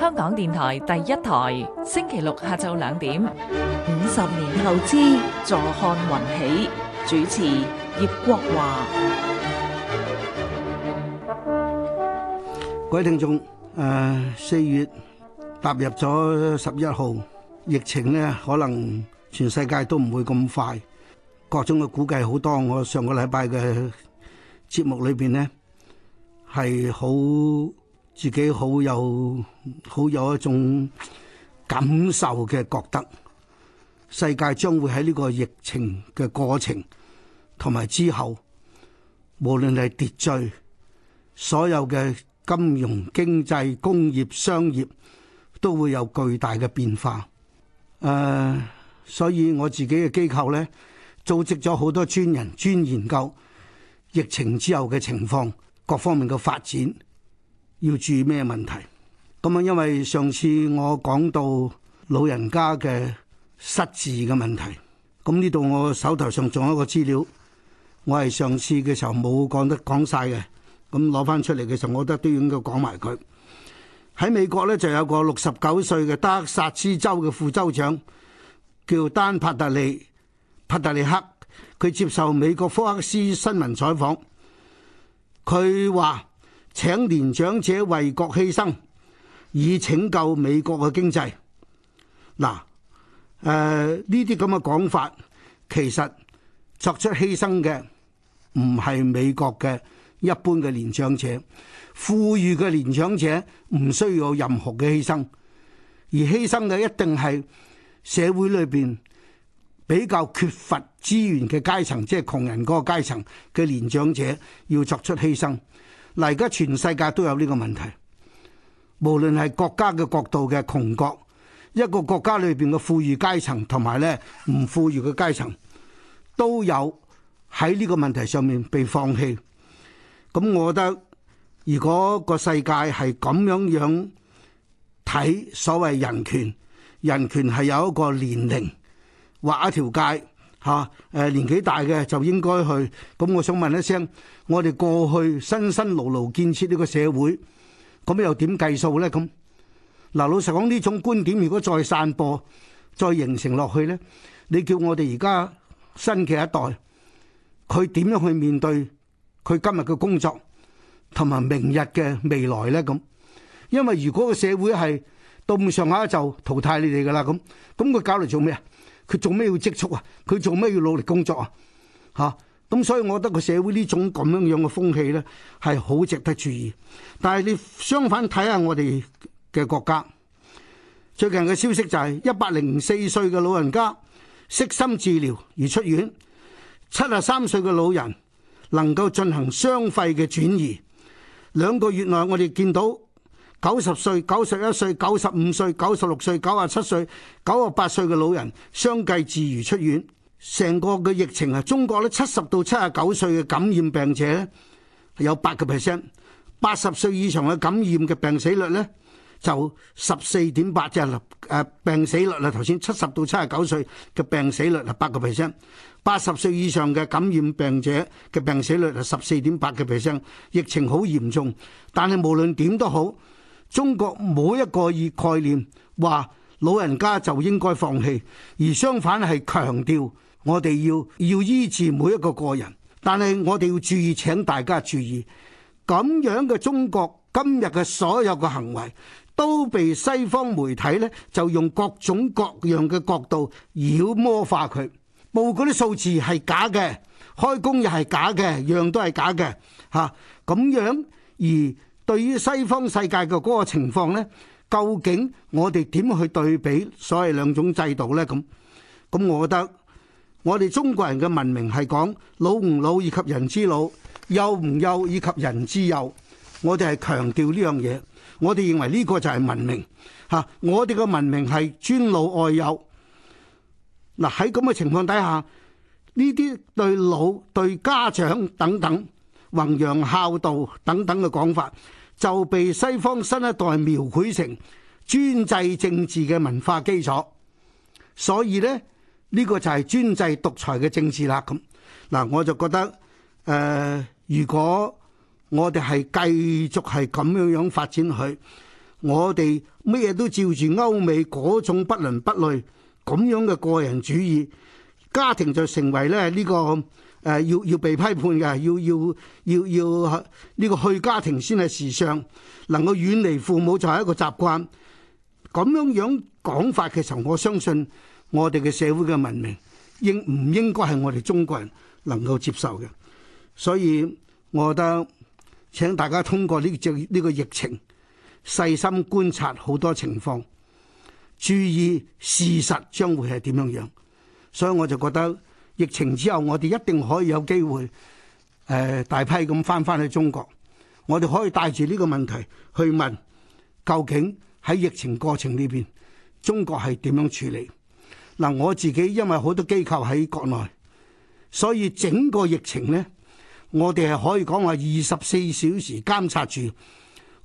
香港電台第一台，星期六下晝兩點。五十年後之坐看雲起，主持葉國華。各位聽眾，誒，四月踏入咗十一號，疫情呢，可能全世界都唔會咁快。各種嘅估計好多，我上個禮拜嘅節目裏邊呢。係好自己好有好有一種感受嘅覺得，世界將會喺呢個疫情嘅過程同埋之後，無論係秩序，所有嘅金融、經濟、工業、商業都會有巨大嘅變化。誒、uh，所以我自己嘅機構呢，組織咗好多專人專研究疫情之後嘅情況。各方面嘅發展要注意咩問題，咁啊，因為上次我講到老人家嘅失智嘅問題，咁呢度我手頭上仲有一個資料，我係上次嘅時候冇講得講晒嘅，咁攞翻出嚟嘅時候，我覺得都應該講埋佢。喺美國咧就有個六十九歲嘅德克薩斯州嘅副州長叫丹帕特利帕特利克，佢接受美國福克斯新聞採訪。佢話請年長者為國犧牲，以拯救美國嘅經濟。嗱，誒呢啲咁嘅講法，其實作出犧牲嘅唔係美國嘅一般嘅年長者，富裕嘅年長者唔需要任何嘅犧牲，而犧牲嘅一定係社會裏邊。比較缺乏資源嘅階層，即係窮人嗰個階層嘅年長者，要作出犧牲。嗱，而家全世界都有呢個問題，無論係國家嘅角度嘅窮國，一個國家裏邊嘅富裕階層同埋咧唔富裕嘅階層，都有喺呢個問題上面被放棄。咁我覺得，如果個世界係咁樣樣睇，所謂人權，人權係有一個年齡。劃一條界吓，誒年紀大嘅就應該去。咁我想問一聲，我哋過去辛辛勞勞建設呢個社會，咁又點計數咧？咁嗱，老實講呢種觀點，如果再散播、再形成落去咧，你叫我哋而家新嘅一代，佢點樣去面對佢今日嘅工作同埋明日嘅未來咧？咁，因為如果個社會係到咁上下就淘汰你哋㗎喇，咁咁佢搞嚟做咩啊？佢做咩要積蓄啊？佢做咩要努力工作啊？嚇、啊！咁所以，我覺得個社會呢種咁樣樣嘅風氣呢係好值得注意。但係你相反睇下我哋嘅國家，最近嘅消息就係一百零四歲嘅老人家悉心治療而出院，七十三歲嘅老人能夠進行雙肺嘅轉移，兩個月內我哋見到。九十歲、九十一歲、九十五歲、九十六歲、九十七歲、九十八歲嘅老人相繼治愈出院。成個嘅疫情係中國咧，七十到七十九歲嘅感染病者咧有八個 percent，八十歲以上嘅感染嘅病死率咧就十四點八，即係誒病死率啦。頭先七十到七十九歲嘅病死率係八個 percent，八十歲以上嘅感染病者嘅病死率係十四點八個 percent，疫情好嚴重。但係無論點都好。中國每一個以概念話老人家就應該放棄，而相反係強調我哋要要醫治每一個個人。但係我哋要注意，請大家注意，咁樣嘅中國今日嘅所有嘅行為都被西方媒體呢就用各種各樣嘅角度妖魔化佢，報嗰啲數字係假嘅，開工又係假嘅，樣都係假嘅，嚇咁樣而。對於西方世界嘅嗰個情況呢，究竟我哋點去對比所謂兩種制度呢？咁、咁，我覺得我哋中國人嘅文明係講老唔老以及人之老，幼唔幼以及人之幼。我哋係強調呢樣嘢，我哋認為呢個就係文明吓。我哋嘅文明係尊老愛幼。嗱，喺咁嘅情況底下，呢啲對老、對家長等等。弘揚孝道等等嘅講法，就被西方新一代描繪成專制政治嘅文化基礎。所以呢，呢、呢個就係專制獨裁嘅政治啦。咁嗱，我就覺得誒、呃，如果我哋係繼續係咁樣樣發展佢，我哋乜嘢都照住歐美嗰種不倫不類咁樣嘅個人主義，家庭就成為咧呢、呢個。誒要要被批判嘅，要要要要呢個去家庭先係時尚，能夠遠離父母就係一個習慣。咁樣樣講法嘅時候，我相信我哋嘅社會嘅文明應唔應該係我哋中國人能夠接受嘅？所以我覺得請大家通過呢隻呢個疫情，細心觀察好多情況，注意事實將會係點樣樣。所以我就覺得。疫情之後，我哋一定可以有機會，誒、呃、大批咁返返去中國。我哋可以帶住呢個問題去問，究竟喺疫情過程裏邊，中國係點樣處理？嗱，我自己因為好多機構喺國內，所以整個疫情呢，我哋係可以講話二十四小時監察住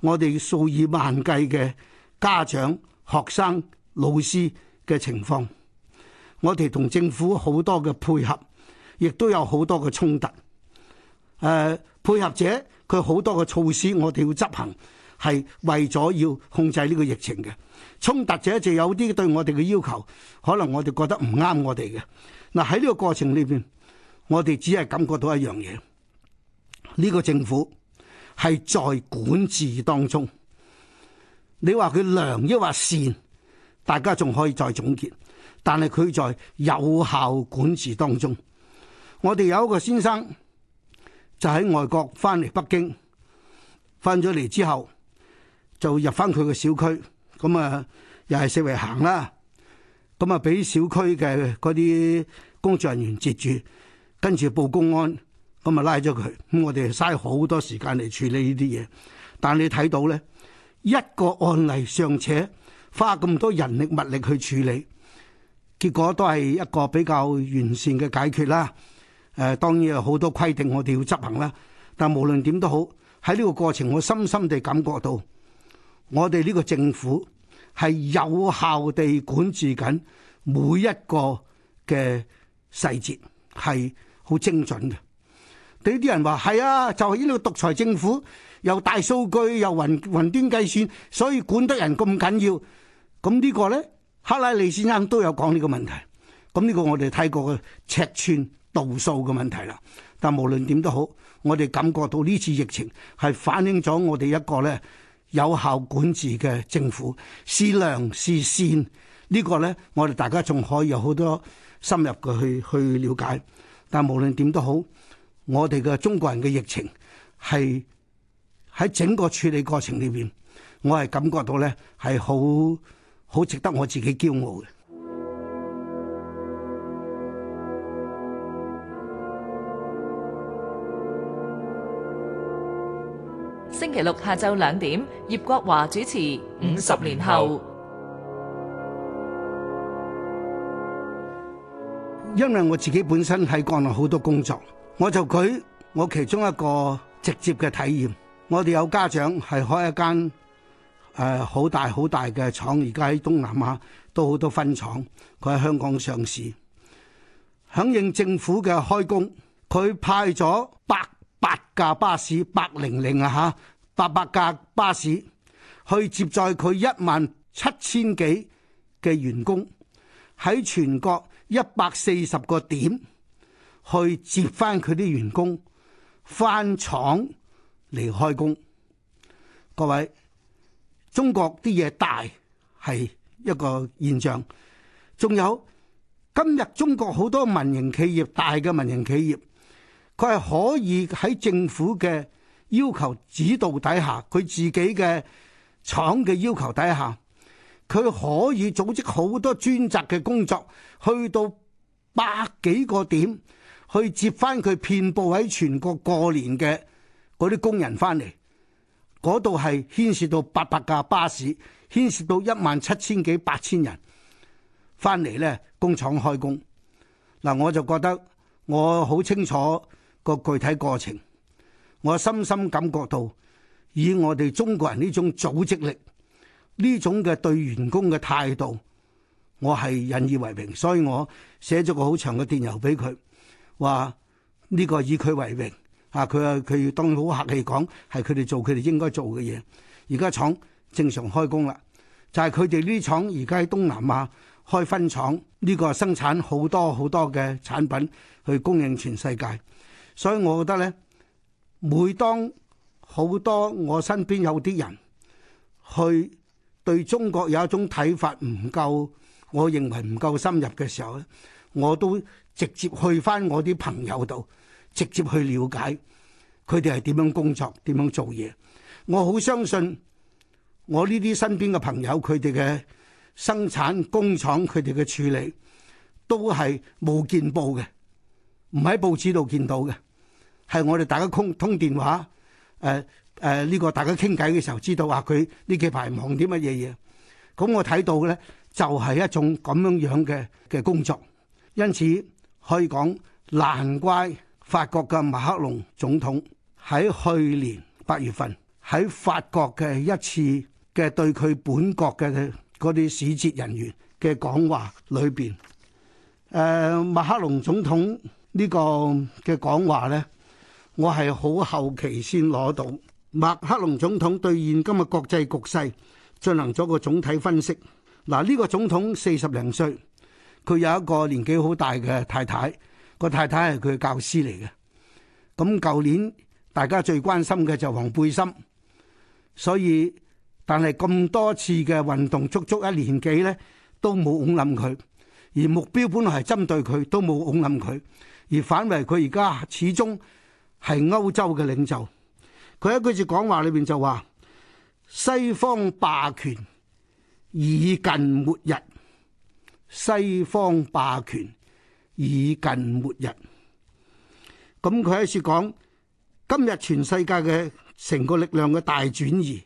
我哋數以萬計嘅家長、學生、老師嘅情況。我哋同政府好多嘅配合，亦都有好多嘅衝突。誒、呃，配合者佢好多嘅措施，我哋要執行，係為咗要控制呢個疫情嘅。衝突者就有啲對我哋嘅要求，可能我哋覺得唔啱我哋嘅。嗱，喺呢個過程裏邊，我哋只係感覺到一樣嘢，呢個政府係在管治當中。你話佢良，抑或善，大家仲可以再總結。但係佢在有效管治當中，我哋有一個先生就喺外國翻嚟北京，翻咗嚟之後就入翻佢嘅小區，咁啊又係四圍行啦，咁啊俾小區嘅嗰啲工作人員截住，跟住報公安，咁啊拉咗佢。咁我哋嘥好多時間嚟處理呢啲嘢。但你睇到咧，一個案例尚且花咁多人力物力去處理。結果都係一個比較完善嘅解決啦。誒、呃，當然有好多規定我哋要執行啦。但無論點都好，喺呢個過程，我深深地感覺到，我哋呢個政府係有效地管治緊每一個嘅細節，係好精準嘅。對，啲人話：係啊，就係呢個獨裁政府，又大數據又雲雲端計算，所以管得人咁緊要。咁呢個呢？克拉利先生都有講呢個問題，咁呢個我哋睇過嘅尺寸度數嘅問題啦。但無論點都好，我哋感覺到呢次疫情係反映咗我哋一個咧有效管治嘅政府，是良是善、這個、呢個咧，我哋大家仲可以有好多深入嘅去去了解。但無論點都好，我哋嘅中國人嘅疫情係喺整個處理過程裏邊，我係感覺到咧係好。好值得我自己驕傲嘅。星期六下晝兩點，葉國華主持《五十年後》。因為我自己本身喺國內好多工作，我就舉我其中一個直接嘅體驗。我哋有家長係開一間。誒，好大好大嘅廠，而家喺東南亞都好多分廠，佢喺香港上市。響應政府嘅開工，佢派咗八百架巴士，八零零啊吓，八百架巴士去接載佢一萬七千幾嘅員工喺全國一百四十個點去接翻佢啲員工翻廠嚟開工，各位。.中國啲嘢大係一個現象，仲有，今日中國好多民營企業，大嘅民營企業，佢係可以喺政府嘅要求指導底下，佢自己嘅廠嘅要求底下，佢可以組織好多專責嘅工作，去到百幾個點，去接翻佢遍布喺全國過年嘅嗰啲工人翻嚟。嗰度係牽涉到八百架巴士，牽涉到一萬七千幾八千人翻嚟咧，工廠開工。嗱，我就覺得我好清楚個具體過程，我深深感覺到以我哋中國人呢種組織力，呢種嘅對員工嘅態度，我係引以為榮，所以我寫咗個好長嘅電郵俾佢，話呢個以佢為榮。啊！佢啊，佢要當好客氣講，係佢哋做佢哋應該做嘅嘢。而家廠正常開工啦，就係佢哋呢啲廠而家喺東南亞開分廠，呢個係生產好多好多嘅產品去供應全世界。所以我覺得咧，每當好多我身邊有啲人去對中國有一種睇法唔夠，我認為唔夠深入嘅時候咧，我都直接去返我啲朋友度。直接去了解佢哋係點樣工作，點樣做嘢。我好相信我呢啲身邊嘅朋友，佢哋嘅生產工廠，佢哋嘅處理都係冇見報嘅，唔喺報紙度見到嘅，係我哋大家通通電話，誒、誒呢個大家傾偈嘅時候知道啊，佢呢幾排忙啲乜嘢嘢。咁我睇到咧就係一種咁樣樣嘅嘅工作，因此可以講難怪。法國嘅馬克龍總統喺去年八月份喺法國嘅一次嘅對佢本國嘅嗰啲使節人員嘅講話裏邊，誒、呃、馬克龍總統呢個嘅講話呢，我係好後期先攞到。馬克龍總統對現今嘅國際局勢進行咗個總體分析。嗱呢、呢個總統四十零歲，佢有一個年紀好大嘅太太。個太太係佢嘅教師嚟嘅，咁舊年大家最關心嘅就黃背心，所以但係咁多次嘅運動足足一年幾咧，都冇恐諗佢，而目標本來係針對佢，都冇恐諗佢，而反為佢而家始終係歐洲嘅領袖，佢喺句住講話裏邊就話西方霸權已近末日，西方霸權。已近末日，咁佢喺度講今日全世界嘅成個力量嘅大轉移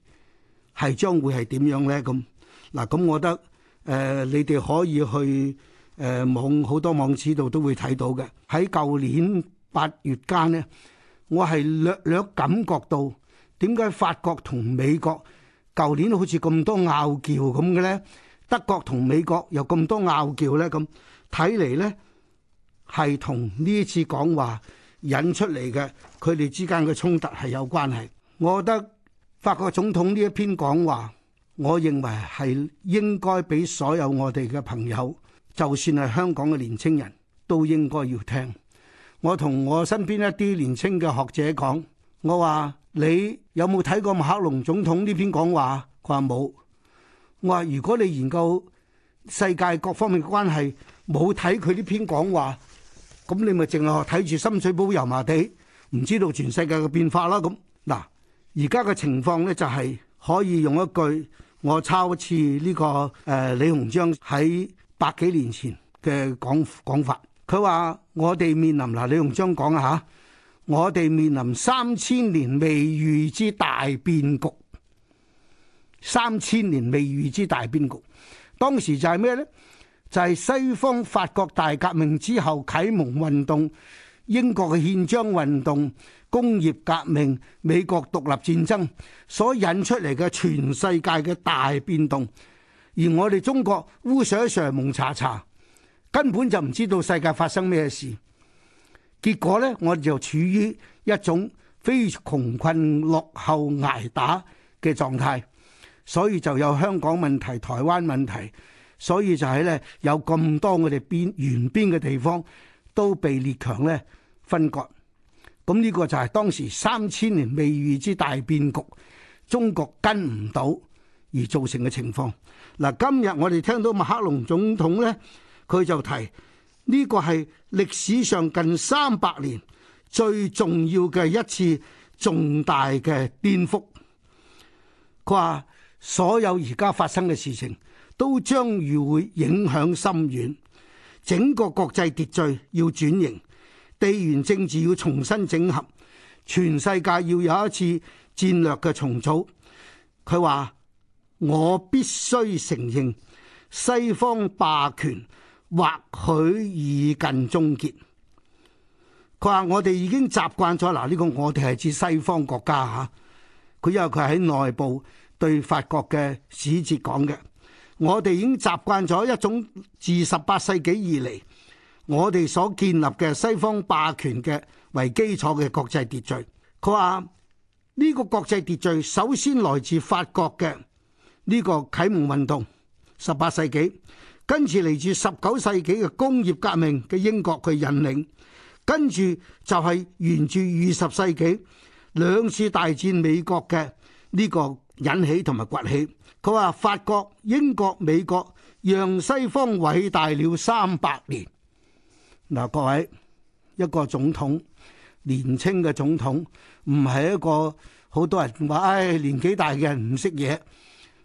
係將會係點樣呢？咁嗱，咁我覺得誒，你哋可以去誒網好多網址度都會睇到嘅。喺舊年八月間呢，我係略略感覺到點解法國同美國舊年好似咁多拗撬咁嘅呢？德國同美國又咁多拗撬呢？咁睇嚟呢？係同呢次講話引出嚟嘅佢哋之間嘅衝突係有關係。我覺得法國總統呢一篇講話，我認為係應該俾所有我哋嘅朋友，就算係香港嘅年青人都應該要聽。我同我身邊一啲年青嘅學者講，我話你有冇睇過馬克龍總統呢篇講話？佢話冇。我話如果你研究世界各方面嘅關係，冇睇佢呢篇講話。咁你咪淨係睇住深水埗、油麻地，唔知道全世界嘅變化啦。咁嗱，而家嘅情況呢，就係可以用一句，我抄一次呢個誒李鴻章喺百幾年前嘅講講法。佢話我哋面臨，嗱，李鴻章講下，我哋面臨三千年未遇之大變局，三千年未遇之大變局。當時就係咩呢？就係西方法國大革命之後啟蒙運動、英國嘅憲章運動、工業革命、美國獨立戰爭所引出嚟嘅全世界嘅大變動，而我哋中國烏水上蒙查查，根本就唔知道世界發生咩事，結果呢，我哋就處於一種非窮困落後捱打嘅狀態，所以就有香港問題、台灣問題。所以就係咧有咁多我哋邊沿邊嘅地方都被列強咧分割，咁呢個就係當時三千年未遇之大變局，中國跟唔到而造成嘅情況。嗱，今日我哋聽到馬克龍總統咧，佢就提呢個係歷史上近三百年最重要嘅一次重大嘅顛覆。佢話所有而家發生嘅事情。都將如會影響深遠，整個國際秩序要轉型，地緣政治要重新整合，全世界要有一次戰略嘅重組。佢話，我必須承認，西方霸權或許已近終結。佢話，我哋已經習慣咗，嗱、這、呢個我哋係指西方國家吓，佢因為佢喺內部對法國嘅使節講嘅。我哋已經習慣咗一種自十八世紀以嚟，我哋所建立嘅西方霸權嘅為基礎嘅國際秩序。佢話呢個國際秩序首先來自法國嘅呢個啟蒙運動，十八世紀跟住嚟自十九世紀嘅工業革命嘅英國佢引領，跟住就係沿住二十世紀兩次大戰美國嘅呢個引起同埋崛起。佢話：法國、英國、美國讓西方偉大了三百年。嗱，各位，一個總統，年輕嘅總統，唔係一個好多人話唉、哎、年紀大嘅人唔識嘢。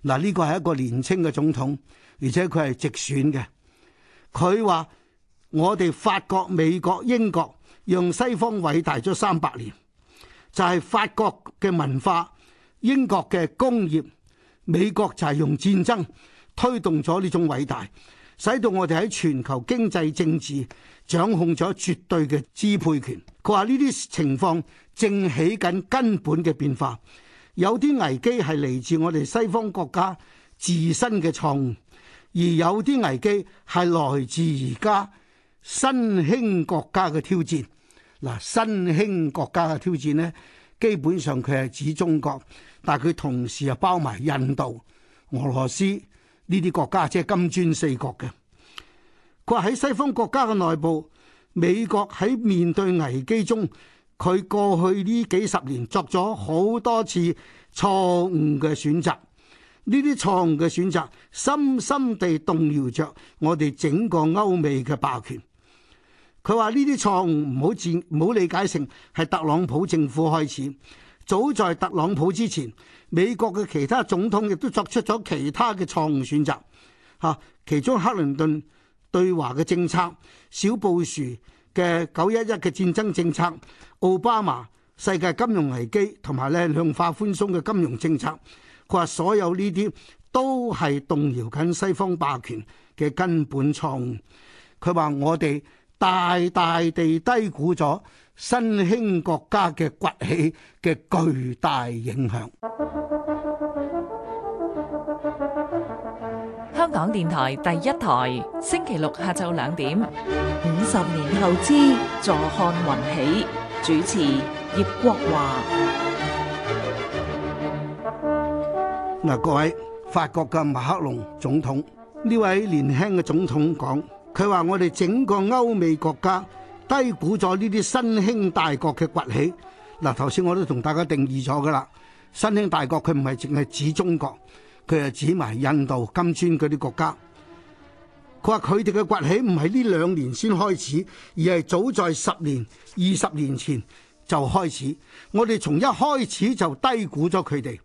嗱，呢個係一個年輕嘅總統，而且佢係直選嘅。佢話：我哋法國、美國、英國讓西方偉大咗三百年，就係、是、法國嘅文化、英國嘅工業。美國就係用戰爭推動咗呢種偉大，使到我哋喺全球經濟政治掌控咗絕對嘅支配權。佢話呢啲情況正起緊根本嘅變化，有啲危機係嚟自我哋西方國家自身嘅錯誤，而有啲危機係來自而家新興國家嘅挑戰。嗱，新興國家嘅挑戰呢，基本上佢係指中國。但係佢同時又包埋印度、俄羅斯呢啲國家，即係金磚四國嘅。佢話喺西方國家嘅內部，美國喺面對危機中，佢過去呢幾十年作咗好多次錯誤嘅選擇。呢啲錯誤嘅選擇深深地動搖着我哋整個歐美嘅霸權。佢話呢啲錯誤唔好自唔好理解成係特朗普政府開始。早在特朗普之前，美國嘅其他總統亦都作出咗其他嘅錯誤選擇，嚇、啊。其中克林頓對華嘅政策、小布殊嘅九一一嘅戰爭政策、奧巴馬世界金融危機同埋咧量化寬鬆嘅金融政策，佢話所有呢啲都係動搖緊西方霸權嘅根本錯誤。佢話我哋大大地低估咗。新興國家嘅崛起嘅巨大影響。香港電台第一台，星期六下晝兩點。五十年後之坐看雲起，主持葉國華。嗱，各位，法國嘅馬克龍總統呢位年輕嘅總統講，佢話我哋整個歐美國家。低估咗呢啲新興大國嘅崛起。嗱、啊，頭先我都同大家定義咗噶啦，新興大國佢唔係淨係指中國，佢係指埋印度、金磚嗰啲國家。佢話，佢哋嘅崛起唔係呢兩年先開始，而係早在十年、二十年前就開始。我哋從一開始就低估咗佢哋。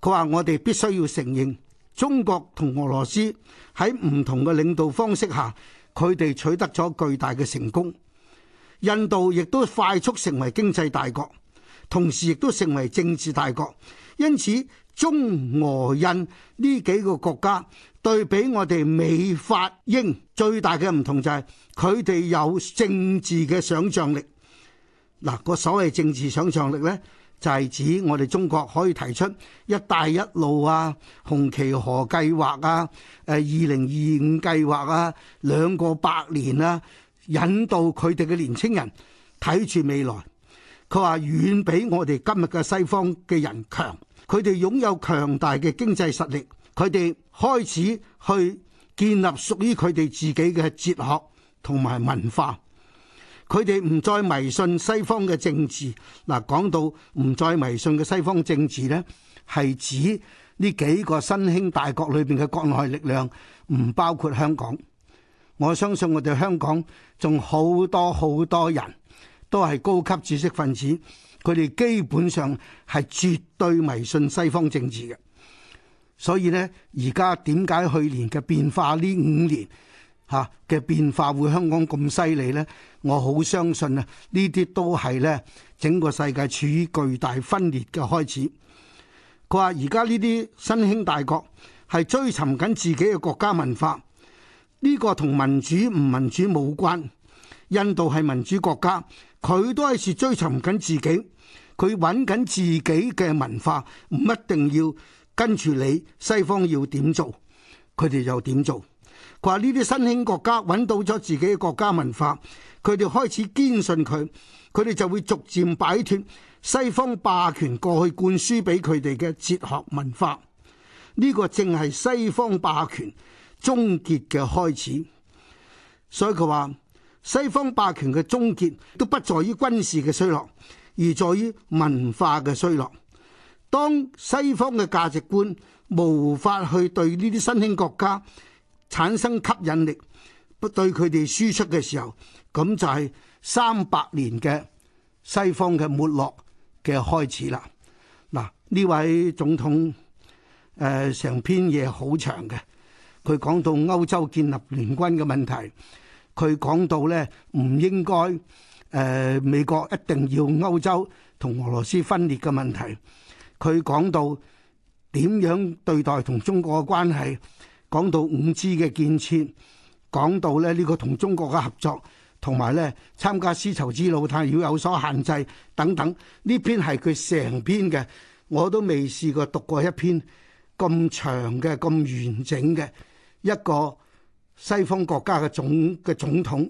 佢話，我哋必須要承認中國同俄羅斯喺唔同嘅領導方式下。佢哋取得咗巨大嘅成功，印度亦都快速成為經濟大國，同時亦都成為政治大國。因此，中俄印呢幾個國家對比我哋美法英，最大嘅唔同就係佢哋有政治嘅想象力。嗱，個所謂政治想象力咧。就係指我哋中國可以提出一帶一路啊、紅旗河計劃啊、誒二零二五計劃啊，兩個百年啊，引導佢哋嘅年青人睇住未來，佢話遠比我哋今日嘅西方嘅人強，佢哋擁有強大嘅經濟實力，佢哋開始去建立屬於佢哋自己嘅哲學同埋文化。佢哋唔再迷信西方嘅政治，嗱，講到唔再迷信嘅西方政治咧，係指呢幾個新興大國裏邊嘅國內力量，唔包括香港。我相信我哋香港仲好多好多人，都係高級知識分子，佢哋基本上係絕對迷信西方政治嘅。所以咧，而家點解去年嘅變化呢五年？吓嘅變化會香港咁犀利呢？我好相信啊！呢啲都係咧整個世界處於巨大分裂嘅開始。佢話：而家呢啲新興大國係追尋緊自己嘅國家文化，呢個同民主唔民主冇關。印度係民主國家，佢都係是追尋緊自己，佢揾緊自己嘅文化，唔一定要跟住你西方要點做，佢哋又點做。佢話呢啲新興國家揾到咗自己嘅國家文化，佢哋開始堅信佢，佢哋就會逐漸擺脱西方霸權過去灌輸俾佢哋嘅哲學文化。呢個正係西方霸權終結嘅開始。所以佢話西方霸權嘅終結都不在於軍事嘅衰落，而在於文化嘅衰落。當西方嘅價值觀無法去對呢啲新興國家。產生吸引力，不對佢哋輸出嘅時候，咁就係三百年嘅西方嘅沒落嘅開始啦。嗱，呢位總統誒成、呃、篇嘢好長嘅，佢講到歐洲建立聯軍嘅問題，佢講到呢唔應該誒、呃、美國一定要歐洲同俄羅斯分裂嘅問題，佢講到點樣對待同中國嘅關係。講到五 G 嘅建設，講到咧呢個同中國嘅合作，同埋咧參加絲綢之路，太要有所限制等等，呢篇係佢成篇嘅，我都未試過讀過一篇咁長嘅、咁完整嘅一個西方國家嘅總嘅總統，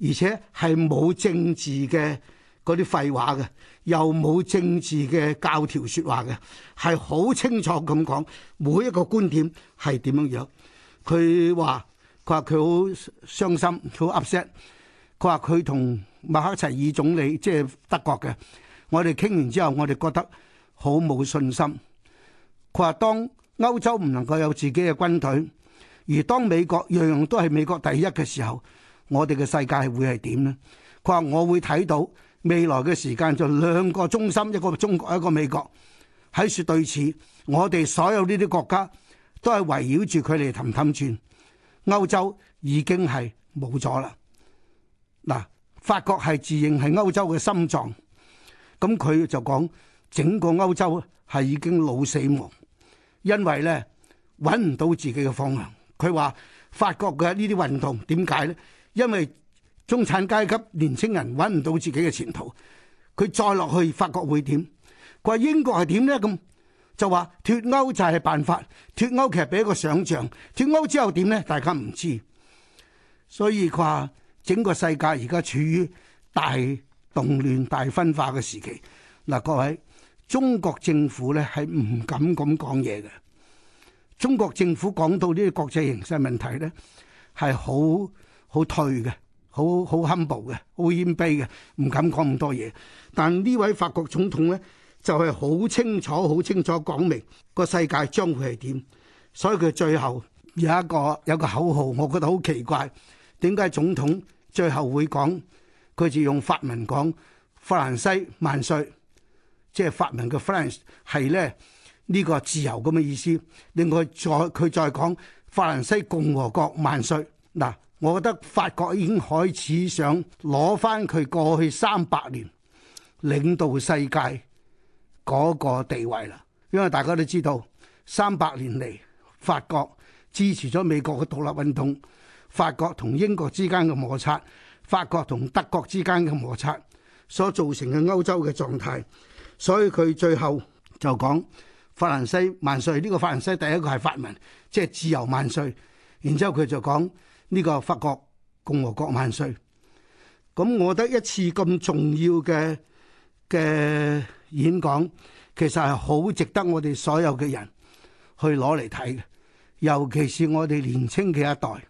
而且係冇政治嘅。嗰啲廢話嘅，又冇政治嘅教條説話嘅，係好清楚咁講每一個觀點係點樣樣。佢話佢話佢好傷心，好 upset。佢話佢同默克齊爾總理即係、就是、德國嘅，我哋傾完之後，我哋覺得好冇信心。佢話當歐洲唔能夠有自己嘅軍隊，而當美國樣樣都係美國第一嘅時候，我哋嘅世界會係點呢？佢話我會睇到。未來嘅時間就兩個中心，一個中國，一個美國，喺說對峙，我哋所有呢啲國家都係圍繞住佢哋氹氹轉。歐洲已經係冇咗啦。嗱，法國係自認係歐洲嘅心臟，咁佢就講整個歐洲係已經腦死亡，因為呢揾唔到自己嘅方向。佢話法國嘅呢啲運動點解呢？因為中產階級年青人揾唔到自己嘅前途。佢再落去法國會點？佢話英國係點呢？咁，就話脫歐就係辦法。脫歐其實俾一個想象，脫歐之後點呢？大家唔知。所以佢話整個世界而家處於大動亂、大分化嘅時期。嗱、呃，各位,中國政府咧係唔敢咁講嘢嘅。中國政府講到呢個國際形勢問題咧，係好好退嘅。好好 humble 嘅，好謙卑嘅，唔敢講咁多嘢。但呢位法國總統呢，就係好清楚、好清楚講明個世界將會係點。所以佢最後有一個有一個口號，我覺得好奇怪。點解總統最後會講，佢就用法文講法蘭西萬歲？即係法文嘅 French 係咧呢個自由咁嘅意思。另外佢再佢再講法蘭西共和國萬歲嗱。我覺得法國已經開始想攞翻佢過去三百年領導世界嗰個地位啦，因為大家都知道三百年嚟法國支持咗美國嘅獨立運動，法國同英國之間嘅摩擦，法國同德國之間嘅摩擦所造成嘅歐洲嘅狀態，所以佢最後就講法蘭西萬歲！呢個法蘭西第一個係法文，即係自由萬歲，然之後佢就講。呢個法國共和國萬歲！咁我覺得一次咁重要嘅嘅演講，其實係好值得我哋所有嘅人去攞嚟睇嘅。尤其是我哋年青嘅一代，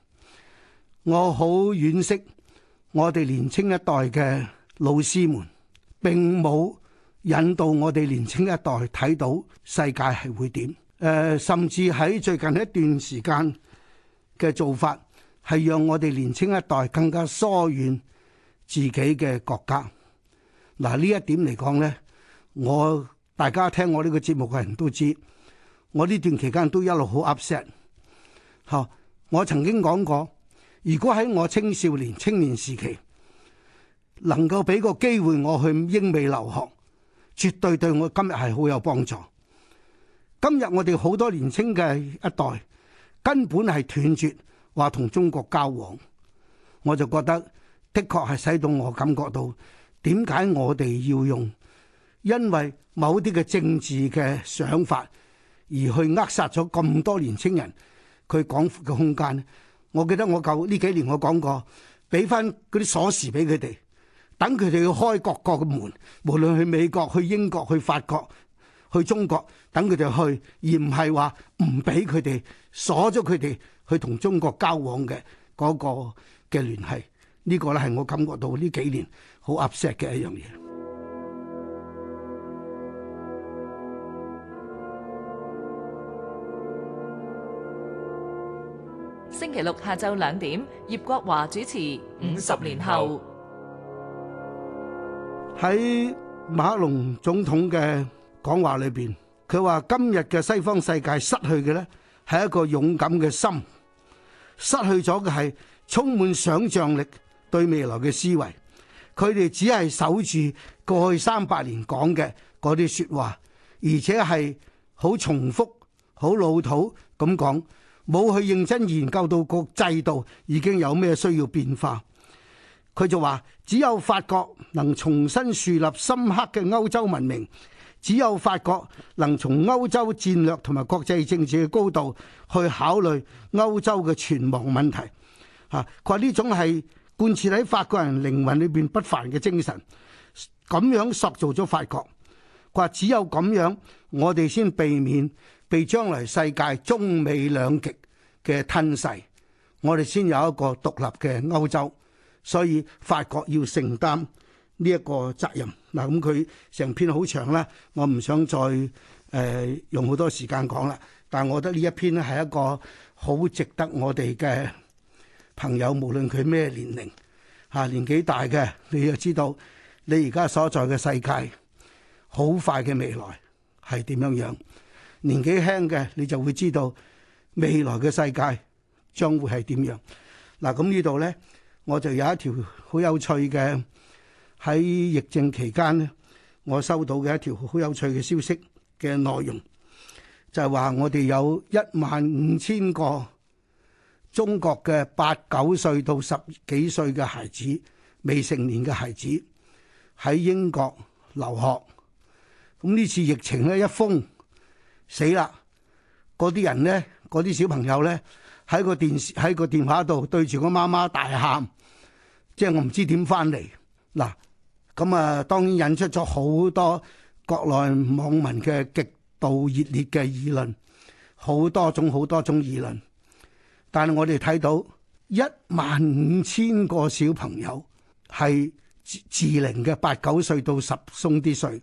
我好惋惜我哋年青一代嘅老師們並冇引導我哋年青一代睇到世界係會點。誒，甚至喺最近一段時間嘅做法。係讓我哋年青一代更加疏遠自己嘅國家。嗱、啊，呢一點嚟講呢，我大家聽我呢個節目嘅人都知，我呢段期間都一路好 upset。吓、啊，我曾經講過，如果喺我青少年、青年時期能夠俾個機會我去英美留學，絕對對我今日係好有幫助。今日我哋好多年青嘅一代根本係斷絕。話同中國交往，我就覺得的確係使到我感覺到點解我哋要用，因為某啲嘅政治嘅想法而去扼殺咗咁多年青人佢廣闊嘅空間。我記得我舊呢幾年我講過，俾翻嗰啲鎖匙俾佢哋，等佢哋要開各國嘅門，無論去美國、去英國、去法國、去中國，等佢哋去，而唔係話唔俾佢哋鎖咗佢哋。佢同中國交往嘅嗰個嘅聯繫，呢個咧係我感覺到呢幾年好壓石嘅一樣嘢。星期六下晝兩點，葉國華主持《五十年後》。喺馬克龍總統嘅講話裏邊，佢話今日嘅西方世界失去嘅咧係一個勇敢嘅心。失去咗嘅係充滿想像力對未來嘅思維，佢哋只係守住過去三百年講嘅嗰啲説話，而且係好重複、好老土咁講，冇去認真研究到個制度已經有咩需要變化。佢就話只有法國能重新樹立深刻嘅歐洲文明。只有法國能從歐洲戰略同埋國際政治嘅高度去考慮歐洲嘅存亡問題。嚇，佢話呢種係貫徹喺法國人靈魂裏邊不凡嘅精神，咁樣塑造咗法國。佢話只有咁樣，我哋先避免被將來世界中美兩極嘅吞噬，我哋先有一個獨立嘅歐洲。所以法國要承擔。呢一個責任嗱，咁佢成篇好長啦，我唔想再誒、呃、用好多時間講啦。但係，我覺得呢一篇咧係一個好值得我哋嘅朋友，無論佢咩年齡嚇、啊、年紀大嘅，你就知道你而家所在嘅世界好快嘅未來係點樣樣；年紀輕嘅你就會知道未來嘅世界將會係點樣嗱。咁、啊、呢度咧，我就有一條好有趣嘅。喺疫症期間呢，我收到嘅一條好有趣嘅消息嘅內容，就係話我哋有一萬五千個中國嘅八九歲到十幾歲嘅孩子，未成年嘅孩子喺英國留學，咁呢次疫情呢一封死啦，嗰啲人呢，嗰啲小朋友呢，喺個電視喺個電話度對住個媽媽大喊，即係我唔知點返嚟嗱。咁啊，當然引出咗好多國內網民嘅極度熱烈嘅議論，好多種好多種議論。但係我哋睇到一萬五千個小朋友係自零嘅八九歲到十鬆啲歲，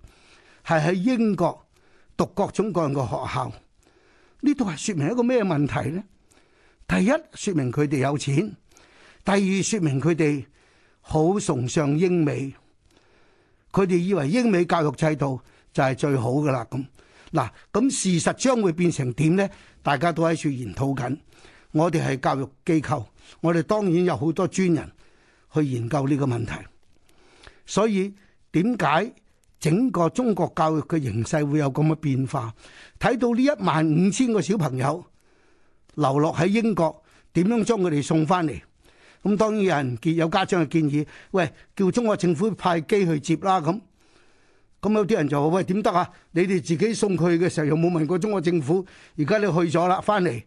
係喺英國讀各種各樣嘅學校。呢度係説明一個咩問題呢？第一，説明佢哋有錢；第二，説明佢哋好崇尚英美。佢哋以為英美教育制度就係最好噶啦，咁。嗱，咁事實將會變成點呢？大家都喺處研討緊。我哋係教育機構，我哋當然有好多專人去研究呢個問題。所以點解整個中國教育嘅形勢會有咁嘅變化，睇到呢一萬五千個小朋友流落喺英國，點樣將佢哋送翻嚟？咁當然有人見有家長嘅建議，喂，叫中國政府派機去接啦，咁咁有啲人就話：喂，點得啊？你哋自己送佢嘅時候又冇問過中國政府，而家你去咗啦，翻嚟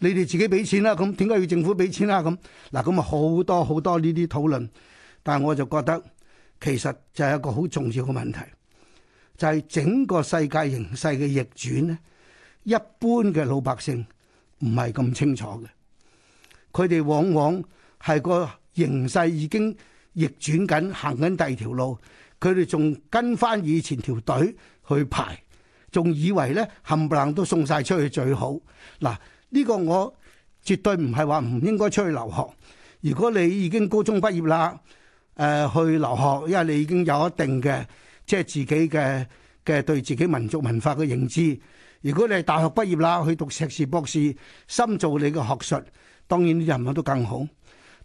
你哋自己俾錢啦，咁點解要政府俾錢啦？」咁嗱，咁啊好多好多呢啲討論，但係我就覺得其實就係一個好重要嘅問題，就係整個世界形勢嘅逆轉咧，一般嘅老百姓唔係咁清楚嘅，佢哋往往。係個形勢已經逆轉緊，行緊第二條路。佢哋仲跟翻以前條隊去排，仲以為呢冚唪唥都送晒出去最好。嗱，呢、這個我絕對唔係話唔應該出去留學。如果你已經高中畢業啦，誒、呃、去留學，因為你已經有一定嘅即係自己嘅嘅對自己民族文化嘅認知。如果你係大學畢業啦，去讀碩士博士，深造你嘅學術，當然啲任務都更好。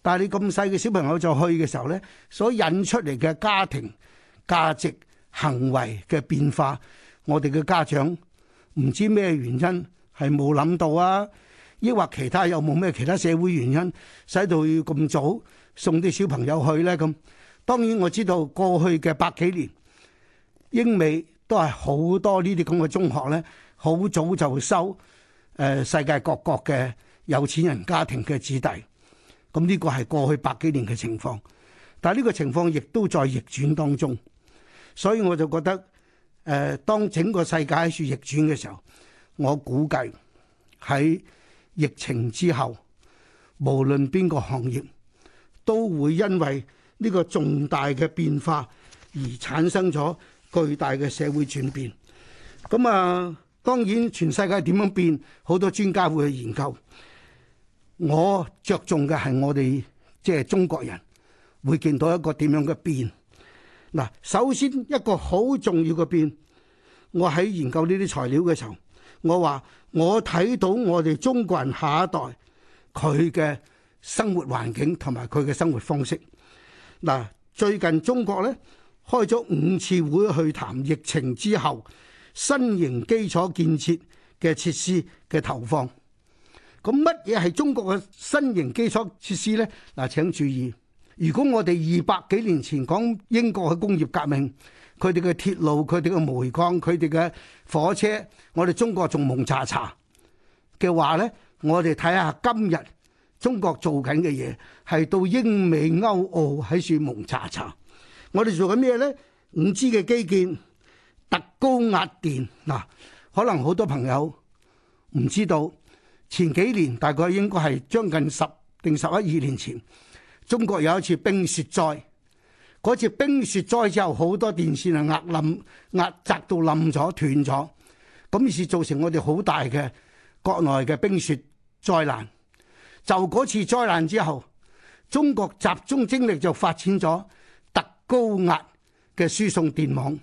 但係你咁細嘅小朋友就去嘅時候呢，所引出嚟嘅家庭價值行為嘅變化，我哋嘅家長唔知咩原因係冇諗到啊，抑或其他有冇咩其他社會原因，使到要咁早送啲小朋友去呢？咁當然我知道過去嘅百幾年，英美都係好多呢啲咁嘅中學呢，好早就收誒世界各國嘅有錢人家庭嘅子弟。咁呢個係過去百幾年嘅情況，但係呢個情況亦都在逆轉當中，所以我就覺得，誒、呃，當整個世界喺處逆轉嘅時候，我估計喺疫情之後，無論邊個行業都會因為呢個重大嘅變化而產生咗巨大嘅社會轉變。咁、嗯、啊、呃，當然全世界點樣變，好多專家會去研究。我着重嘅係我哋即係中國人會見到一個點樣嘅變。嗱，首先一個好重要嘅變，我喺研究呢啲材料嘅時候，我話我睇到我哋中國人下一代佢嘅生活環境同埋佢嘅生活方式。嗱，最近中國咧開咗五次會去談疫情之後新型基礎建設嘅設施嘅投放。咁乜嘢係中國嘅新型基礎設施呢？嗱，請注意，如果我哋二百幾年前講英國嘅工業革命，佢哋嘅鐵路、佢哋嘅煤礦、佢哋嘅火車，我哋中國仲蒙查查嘅話呢，我哋睇下今日中國做緊嘅嘢，係到英美歐澳喺處蒙查查。我哋做緊咩呢？五 G 嘅基建、特高壓電，嗱，可能好多朋友唔知道。前幾年，大概應該係將近十定十一二年前，中國有一次冰雪災，嗰次冰雪災之後，好多電線係壓冧、壓砸到冧咗、斷咗，咁於是造成我哋好大嘅國內嘅冰雪災難。就嗰次災難之後，中國集中精力就發展咗特高壓嘅輸送電網。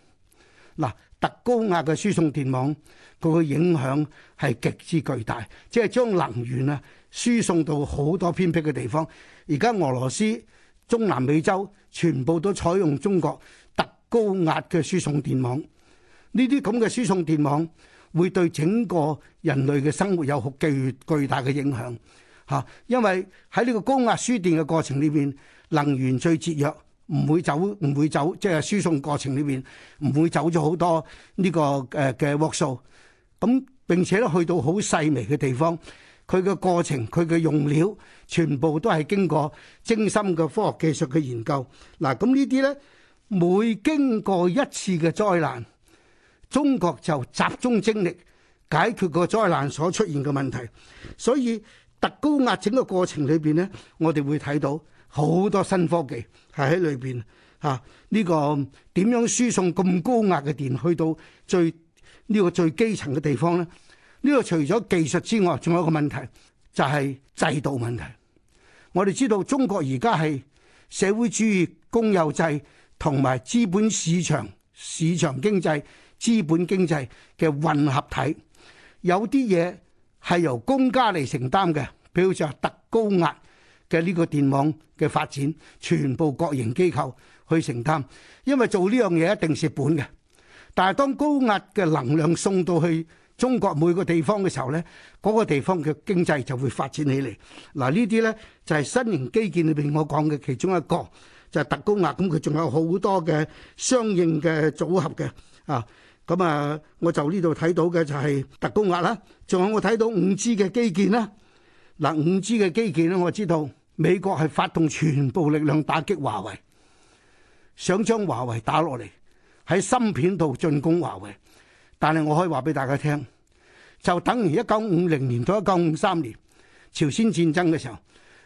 嗱，特高壓嘅輸送電網。個影響係極之巨大，即係將能源啊輸送到好多偏僻嘅地方。而家俄羅斯、中南美洲全部都採用中國特高壓嘅輸送電網。呢啲咁嘅輸送電網會對整個人類嘅生活有好巨巨大嘅影響吓，因為喺呢個高壓輸電嘅過程裏邊，能源最節約，唔會走唔會走，即係、就是、輸送過程裏邊唔會走咗好多呢個誒嘅握數。咁並且咧去到好細微嘅地方，佢嘅過程、佢嘅用料，全部都係經過精心嘅科學技術嘅研究。嗱、啊，咁呢啲呢，每經過一次嘅災難，中國就集中精力解決個災難所出現嘅問題。所以特高壓整個過程裏邊呢，我哋會睇到好多新科技係喺裏邊。嚇、啊，呢、這個點樣輸送咁高壓嘅電去到最？呢個最基層嘅地方呢，呢個除咗技術之外，仲有一個問題就係制度問題。我哋知道中國而家係社會主義公有制同埋資本市場、市場經濟、資本經濟嘅混合體，有啲嘢係由公家嚟承擔嘅，譬如像特高壓嘅呢個電網嘅發展，全部國營機構去承擔，因為做呢樣嘢一定蝕本嘅。但係當高壓嘅能量送到去中國每個地方嘅時候呢，嗰個地方嘅經濟就會發展起嚟。嗱，呢啲呢就係新型基建裏邊我講嘅其中一個就係特高壓，咁佢仲有好多嘅相應嘅組合嘅啊。咁啊，我就呢度睇到嘅就係特高壓啦，仲有我睇到五 G 嘅基建啦。嗱，五 G 嘅基建呢，我知道美國係發動全部力量打擊華為，想將華為打落嚟。喺芯片度進攻華為，但係我可以話俾大家聽，就等於一九五零年到一九五三年朝鮮戰爭嘅時候，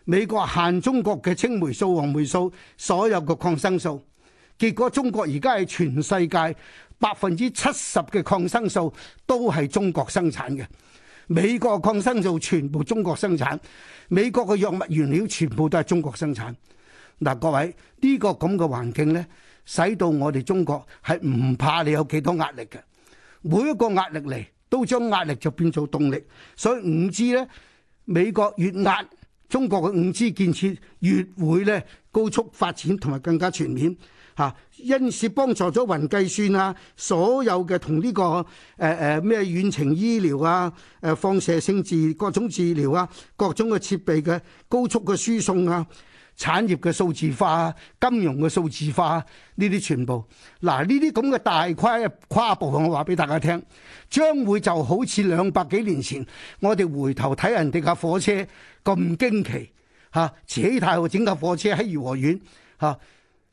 美國限中國嘅青黴素、黃黴素所有嘅抗生素，結果中國而家係全世界百分之七十嘅抗生素都係中國生產嘅，美國抗生素全部中國生產，美國嘅藥物原料全部都係中國生產。嗱，啊，各位，呢個咁嘅環境呢。使到我哋中國係唔怕你有幾多壓力嘅，每一個壓力嚟，都將壓力就變做動力。所以五 G 呢，美國越壓，中國嘅五 G 建設越會呢高速發展同埋更加全面。吓、啊，因此幫助咗雲計算啊，所有嘅同呢、這個誒誒咩遠程醫療啊，誒放射性治各種治療啊，各種嘅設備嘅高速嘅輸送啊。產業嘅數字化、金融嘅數字化呢啲全部，嗱呢啲咁嘅大跨跨步，我話俾大家聽，將會就好似兩百幾年前我哋回頭睇人哋架火車咁驚奇嚇、啊，慈禧太后整架火車喺頤和園嚇、啊，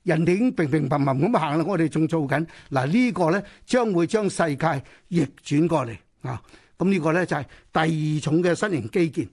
人哋已經平平冧冧咁行啦，我哋仲做緊嗱、這個、呢個咧，將會將世界逆轉過嚟啊！咁、嗯這個、呢個咧就係、是、第二重嘅新型基建。